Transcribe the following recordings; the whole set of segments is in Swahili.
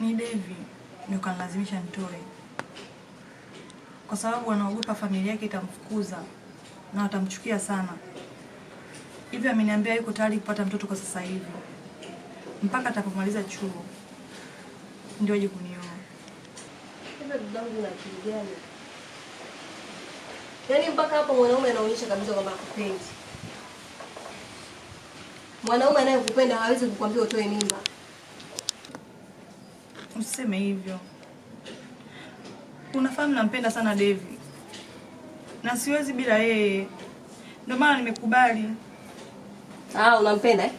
ni Devi ndio kanilazimisha nitoe, kwa sababu anaogopa familia yake itamfukuza na watamchukia sana. Hivi ameniambia yuko tayari kupata mtoto kwa sasa hivi mpaka atakapomaliza chuo ndio aje kunioa. Yaani mpaka hapo mwanaume anaonyesha kabisa kwamba akupendi. Mwanaume anayekupenda hawezi kukwambia utoe mimba. Usiseme hivyo, unafahamu nampenda sana Devi na siwezi bila yeye, ndio maana nimekubali. Ah, unampenda eh?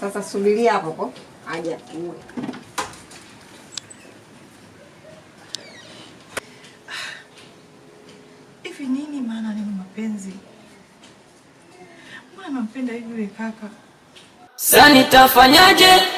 Sasa subiria hapo hapo aje atue. Hivi nini maana neno mapenzi? Mbona nampenda hivi yule kaka? Sasa nitafanyaje?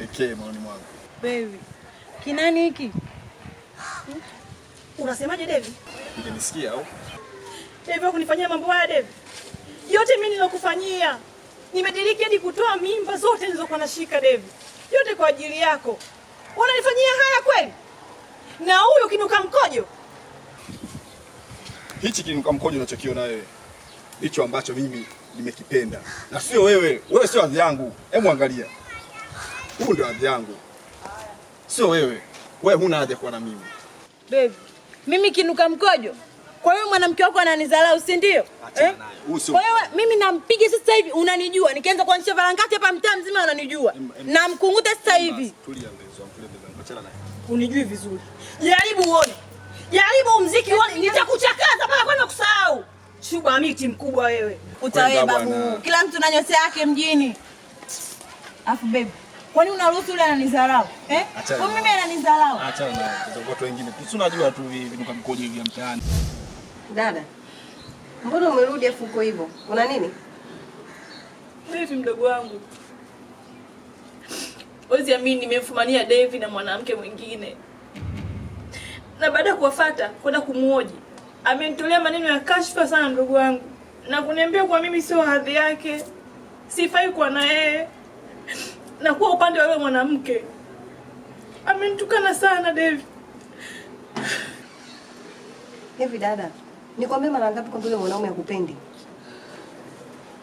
pekee maoni mwangu. Baby, kinani hiki? Hmm? Unasemaje Devi? Unanisikia au? Devi kunifanyia mambo haya Devi. Yote mimi nilokufanyia. Nimediriki hadi kutoa mimba zote nilizokuwa nashika Devi. Yote kwa ajili yako. Unanifanyia haya kweli? Na huyo kinuka mkojo. Hichi kinuka mkojo unachokiona wewe. Hicho ambacho mimi nimekipenda. Na sio wewe, wewe sio adhi yangu. Hebu angalia. Huu ndio adhi yangu, sio wewe. Wewe huna adhi kuwa na mimi baby. Mimi kinuka mkojo? Kwa hiyo mwanamke wako ananizalau, si ndio? Eh? Kwa hiyo mimi nampiga sasa hivi, unanijua. Nikianza kuanzisha varangati hapa mtaa mzima unanijua. Namkunguta sasa hivi. Unijui vizuri. Jaribu uone. Jaribu mziki uone, nitakuchakaza mpaka kwenda kusahau. Chuba miti mkubwa wewe. Utawe babu. Kila mtu na yake mjini. Afu baby. Kwani unaruhusu yule ananidharau? Eh? Kwa mimi ananidharau. Acha na watu wengine. Si unajua tu hivi vinuka kamkoje hivi mtaani. Dada. Mbona umerudi afu uko hivyo? Una nini? Hivi mdogo wangu. Ozi amini nimemfumania Devi na mwanamke mwingine. Na baada ya kuwafuata kwenda kumuoji, amenitolea maneno ya kashfa sana mdogo wangu na kuniambia kwa mimi sio hadhi yake. Sifai kuwa na yeye na kuwa upande wa wewe mwanamke. Amenitukana sana Devi. Hivi dada, nikwambie mara ngapi kwamba yule mwanaume hakupendi?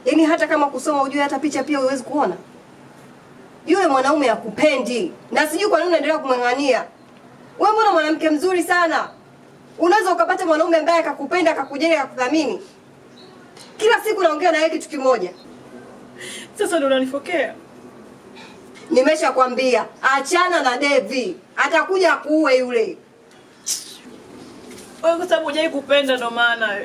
Yaani hata kama kusoma ujue, hata picha pia huwezi kuona. Yule mwanaume akupendi. na sijui kwa nini unaendelea kumwangania. Wewe mbona mwanamke mzuri sana, unaweza ukapata mwanaume ambaye akakupenda, akakujenga, akakuthamini. Kila siku naongea na yeye kitu kimoja, sasa ndio unanifokea. Nimeshakwambia achana na Devi, atakuja kuue yule. Kwa sababu hujai kupenda ndo maana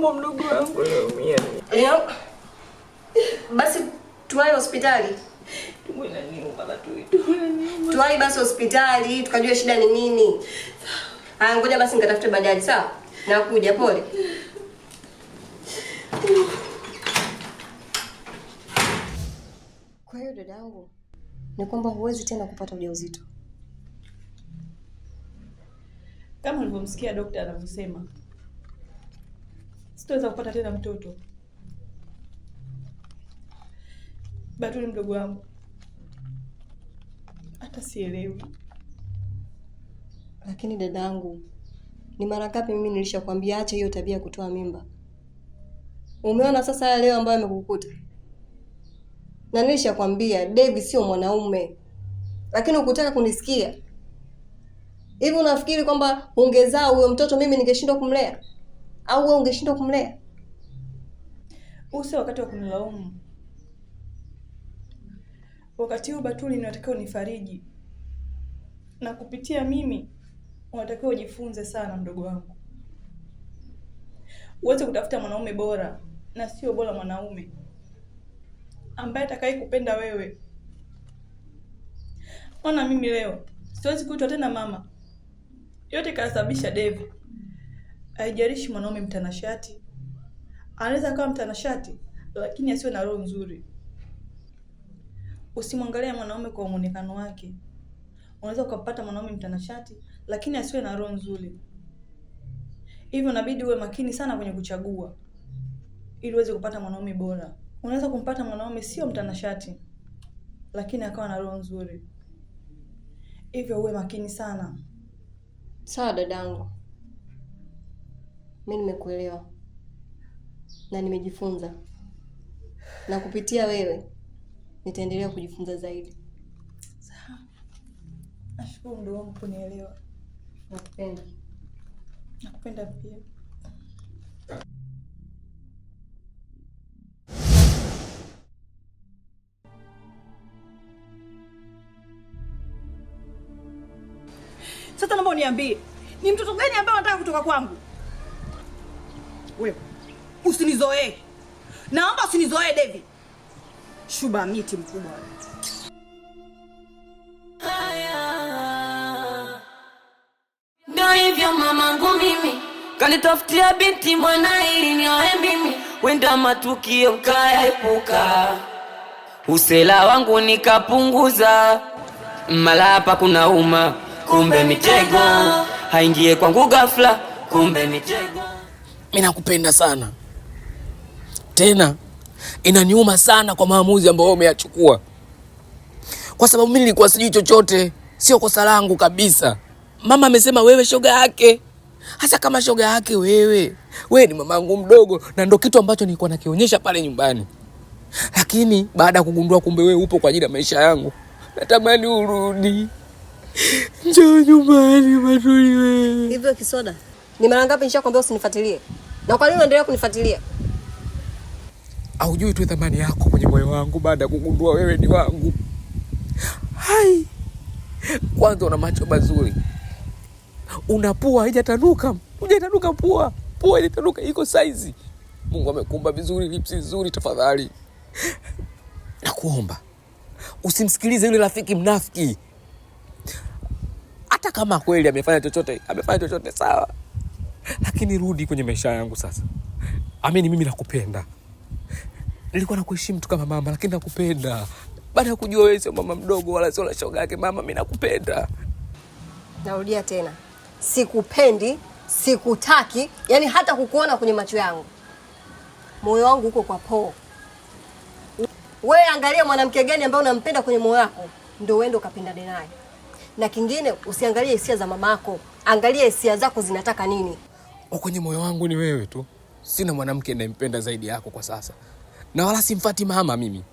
tumbo mdogo ah, wangu unaumia. Basi tuwahi hospitali, tuwahi basi hospitali tukajua shida ni nini. Haya, ngoja basi nikatafute bajaji. Sawa, nakuja. Pole. Kwa hiyo dadangu, ni kwamba huwezi tena kupata ujauzito kama ulivyomsikia daktari anavyosema sitaweza kupata tena mtoto. Batuli mdogo wangu, hata sielewi. Lakini dadangu, ni mara ngapi mimi nilishakwambia acha hiyo tabia ya kutoa mimba? Umeona sasa haya leo ambayo amekukuta, na nilishakwambia Devi sio mwanaume, lakini ukutaka kunisikia. Hivi unafikiri kwamba ungezaa huyo mtoto mimi ningeshindwa kumlea? au wewe ungeshindwa kumlea? Huu sio wakati wa kumlaumu Wakati huu Batuli, unatakiwa unifariji, na kupitia mimi unatakiwa ujifunze sana, mdogo wangu, uweze kutafuta mwanaume bora na sio bora mwanaume ambaye atakaye kupenda wewe. Ona mimi leo siwezi kuitwa tena mama, yote kasababisha Devi. Haijalishi mwanaume mtanashati, anaweza akawa mtanashati lakini asiwe na roho nzuri. Usimwangalie mwanaume kwa muonekano wake. Unaweza ukapata mwanaume mtanashati lakini asiwe na roho nzuri, hivyo inabidi uwe makini sana kwenye kuchagua ili uweze kupata mwanaume bora. Unaweza kumpata mwanaume sio mtanashati lakini akawa na roho nzuri, hivyo uwe makini sana. Sawa dadangu mi nimekuelewa na nimejifunza, na kupitia wewe nitaendelea kujifunza zaidi. Sawa, nashukuru mdogo wangu kunielewa. Nakupenda, nakupenda pia. Sasa naomba uniambie, ni mtoto gani ambaye anataka kutoka kwangu? wewe usinizoee, naomba usinizoe Devi. Shuba miti mkubwa ndio hivyo mamangu, mimi kanitafutia binti mwana ili nioe mimi, wenda matukio kaepuka usela wangu nikapunguza, mala hapa kuna uma, kumbe mitego haingie kwangu ghafla, kumbe mitego mimi nakupenda sana, tena inaniuma sana kwa maamuzi ambayo umeyachukua, kwa sababu mimi nilikuwa sijui chochote, sio kosa langu kabisa. Mama amesema wewe shoga yake hasa kama shoga yake wewe, wewe ni mamangu mdogo, na ndo kitu ambacho nilikuwa nakionyesha pale nyumbani. Lakini baada ya kugundua kumbe wewe upo kwa ajili ya maisha yangu, natamani urudi, njoo nyumbani Batuli wewe. Hivyo kisoda ni mara ngapi nishakwambia usinifuatilie? Na kwa nini unaendelea kunifuatilia? Aujui tu thamani yako kwenye moyo wangu baada ya kugundua wewe ni wangu. Hai. Kwanza una macho mazuri. Una pua haijatanuka. Hujatanuka pua. Pua haijatanuka iko saizi. Mungu amekumba vizuri, lipsi nzuri tafadhali. Nakuomba. Usimsikilize yule rafiki mnafiki. Hata kama kweli amefanya chochote, amefanya chochote sawa lakini rudi kwenye maisha yangu sasa. Amini, mimi nakupenda. Nilikuwa nakuheshimu tu kama mama, lakini nakupenda. Baada ya kujua wewe sio mama mdogo wala sio shoga yake mama, mimi nakupenda. Narudia tena, sikupendi, sikutaki, yani hata kukuona kwenye macho yangu. Moyo wangu uko kwa Po. Wewe angalia mwanamke gani ambaye unampenda kwenye moyo wako, ndio uende ukapendane naye. Na kingine usiangalie hisia za mamako, angalia hisia zako zinataka nini kwenye moyo wangu ni wewe tu, sina mwanamke nayempenda zaidi yako kwa sasa, na wala simfati mama mimi.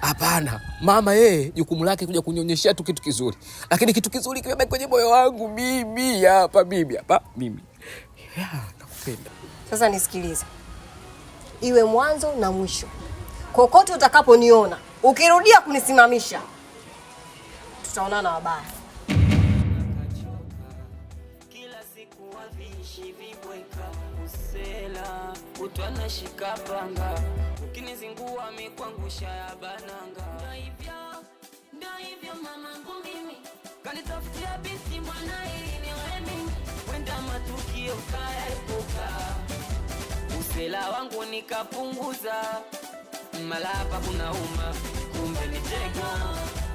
Hapana, mama yeye jukumu lake kuja kunionyeshea tu kitu kizuri, lakini kitu kizuri kimebaki kwenye moyo wangu mimi hapa, mimi hapa, mimi yeah, nakupenda. Sasa nisikilize, iwe mwanzo na mwisho, kokote utakaponiona ukirudia kunisimamisha, tutaonana wabaya. wavishi vibweka usela utwana shikapanga ukinizingua mikwangusha ya bananga. Ndo hivyo ndo hivyo mamangu mimi kanitafutia binti mwana ili niwe mimi wenda matukio kaepuka usela wangu nikapunguza mala hapa kuna uma kumbe mitego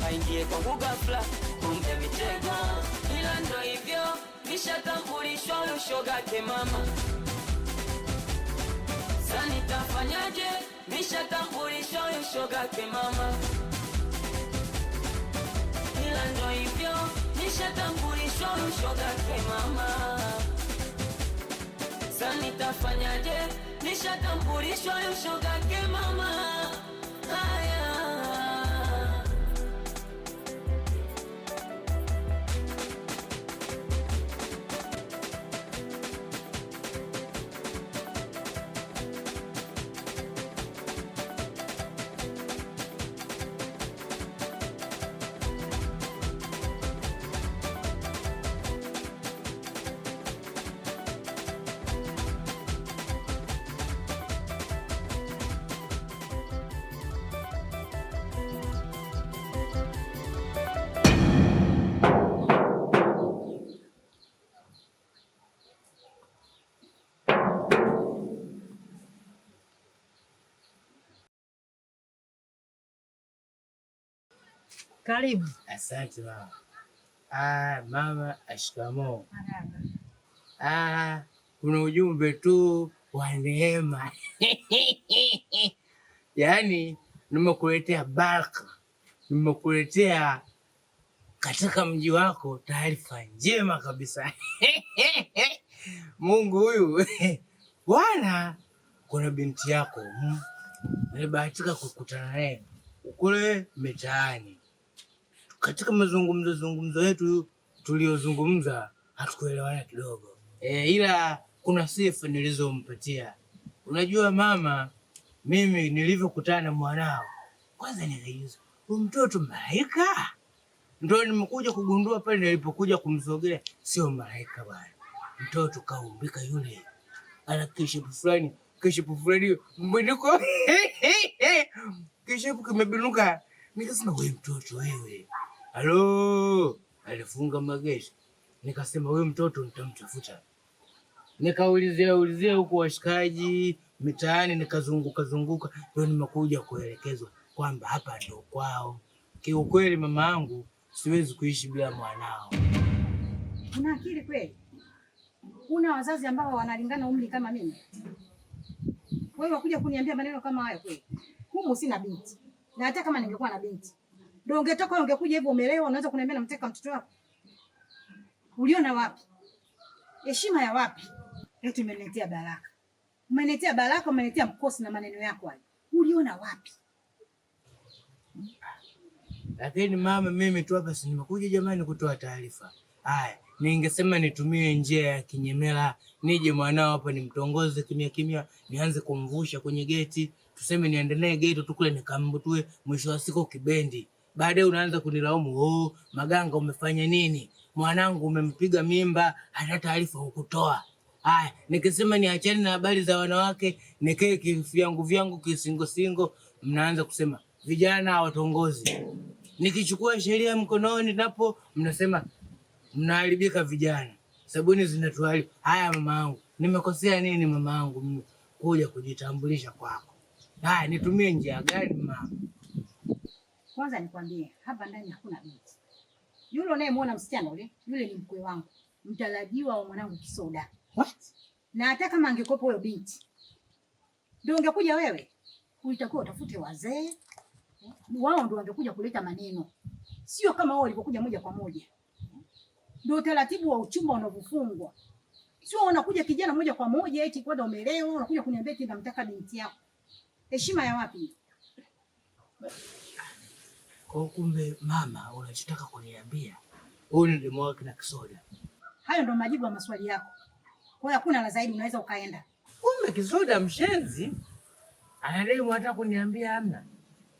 aingie kwangu ghafla kumbe mitego ila ndo hivyo nishatambu Jasho gake mama, sani tafanyaje? Nishatambulisho yusho gake mama, ila ndo hivyo, nishatambulisho yusho gake mama, sani tafanyaje? Nishatambulisho yusho gake mama. Haya. Karibu. Asante mama. Ah, mama ashikamo Ah, kuna ujumbe tu wa neema yaani nimekuletea baraka, nimekuletea katika mji wako taarifa njema kabisa Mungu huyu bwana, kuna binti yako hmm. nimebahatika kukutana naye kule mitaani katika mazungumzo zungumzo yetu tuliyozungumza hatukuelewana kidogo e, ila kuna sifa nilizompatia. Unajua mama, mimi nilivyokutana na mwanao kwanza nikaiuza huyu mtoto malaika, Ndio nimekuja kugundua pale nilipokuja kumsogelea, sio malaika bwana. Mtoto kaumbika yule, ana kishepu fulani, kishepu fulani mbinuko kishepu kimebinuka. Nikasema wewe mtoto wewe Halo, alifunga magesha. Nikasema huyu mtoto nitamtafuta, nikaulizia ulizia huku washikaji mitaani, nikazunguka zunguka, ndio nimekuja kuelekezwa kwamba hapa ndio kwao. Kiukweli mama yangu, siwezi kuishi bila mwanao. Una akili kweli? Una wazazi ambao wanalingana umri kama mimi? Wewe wakuja kuniambia maneno kama haya kweli? Humu sina binti, na hata kama ningekuwa na binti ndio ungetoka ungekuja hivyo umelewa, unaanza kuniambia namteka mtoto wako. Uliona wapi? Heshima ya wapi? Eti umeniletea baraka. Umeniletea baraka, umeniletea mkosi na maneno yako haya. Uliona wapi? Lakini mama, mimi tu hapa si nimekuja jamani kutoa taarifa. Haya, ningesema nitumie njia ya kinyemela, nije mwanao hapa nimtongoze kimya kimya, nianze kumvusha kwenye geti, tuseme niendelee geti tu kule nikambutue, mwisho wa siku kibendi baadaye unaanza kunilaumu oh, Maganga, umefanya nini? Mwanangu umempiga mimba, hata taarifa hukutoa. Haya, nikisema niachane na habari za wanawake, nikae kivyangu vyangu kisingosingo, mnaanza kusema vijana hawatongozi. Nikichukua sheria mkononi, napo mnasema mnaharibika vijana, sabuni zinatuharibu. Haya mama nimekosea nini mama yangu kuja kujitambulisha kwako? Haya, nitumie njia gani mama? Kwanza nikwambie, hapa ndani hakuna binti. Yule unayemwona msichana ule, yule ni mkwe wangu, mtarajiwa wa mwanangu Kisoda. What? Na hata kama angekopa huyo binti, ndio ungekuja wewe, ulitakiwa utafute wazee wao, ndio wangekuja kuleta maneno, sio kama wao walivyokuja moja kwa moja. Ndio utaratibu wa uchumba unavyofungwa, sio unakuja kijana moja kwa moja eti kwa kwanza umeleo unakuja kuniambia eti namtaka binti yako. Heshima ya wapi? Kwa kumbe mama, unachotaka kuniambia huyu ni demu wake na Kisoda. Hayo ndo majibu ya maswali yako, kwa hiyo hakuna la zaidi, unaweza ukaenda. Kumbe Kisoda mshenzi anademu hata kuniambia amna.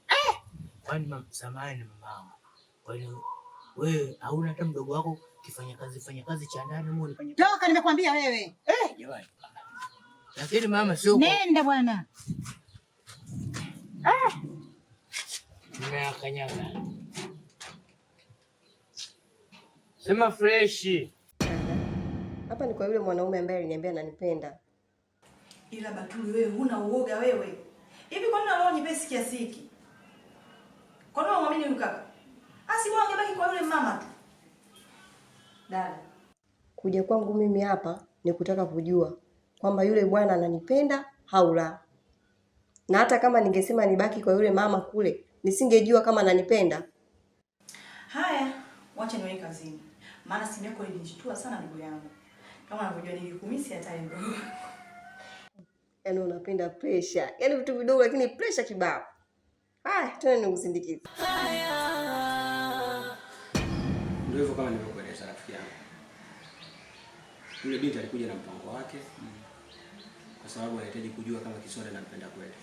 Eh, kwani mama, samahani mama, kwani wewe hauna hata mdogo wako kifanya kazi fanya kazi cha ndani muone. Toka nimekwambia wewe. Eh, jamani. Lakini mama sio. Nenda bwana. Ah. Meakanyaga sema freshi hapa. Ni kwa yule mwanaume ambaye aliniambia ananipenda, ila Batuli, wewe huna uoga wewe. Hivi kwa nini roho nyepesi kiasi hiki? Kwa nini unamwamini huyu kaka? Asi ah, bwana angebaki kwa yule mama tu. Dada, kuja kwangu mimi hapa ni kutaka kujua kwamba yule bwana ananipenda au la, na hata kama ningesema nibaki kwa yule mama kule nisingejua kama ananipenda. Haya, wacha niwe kazini, maana simu yako ilinishtua sana ndugu yangu, kama unavyojua nilikumisi hata hivyo. Yaani unapenda presha, yaani vitu vidogo, lakini presha kibao. Haya, tena nikusindikize. Ndio hivyo, kama nilivyokueleza rafiki yangu, yule binti alikuja na mpango wake, mm. kwa sababu anahitaji kujua kama Kisore nampenda kweli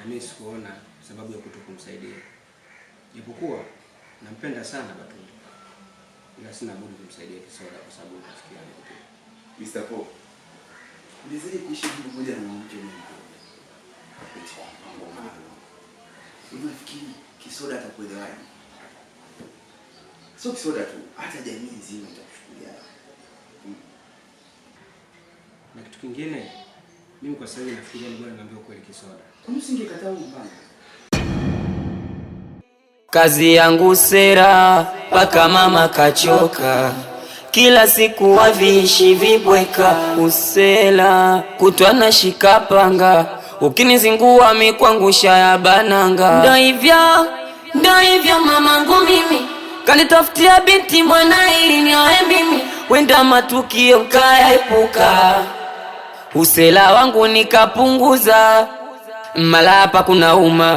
na mimi sikuona sababu ya kumsaidia, japokuwa nampenda sana Batundu, ila sina budi kumsaidia Kisoda kwa sababu rafiki yangu kitu. Mr. Paul, nizidi kuishi pamoja na mke wangu. Unafikiri Kisoda atakuelewaje? Sio Kisoda tu, hata jamii nzima Hmm. Na kitu kingine mimi kwa sasa nafikiria ni bora niambie ukweli Kisoda. Usingekataa mbaya. Kazi yangu sera mpaka mama kachoka, kila siku waviishi vibweka usela kutwa na shikapanga, ukinizingua mikwangusha ya bananga. Ndo hivyo ndo hivyo mamangu mimi kanitafutia binti mwana ili nioe mimi, wenda matukio kaepuka usela wangu nikapunguza, mala hapa kuna uma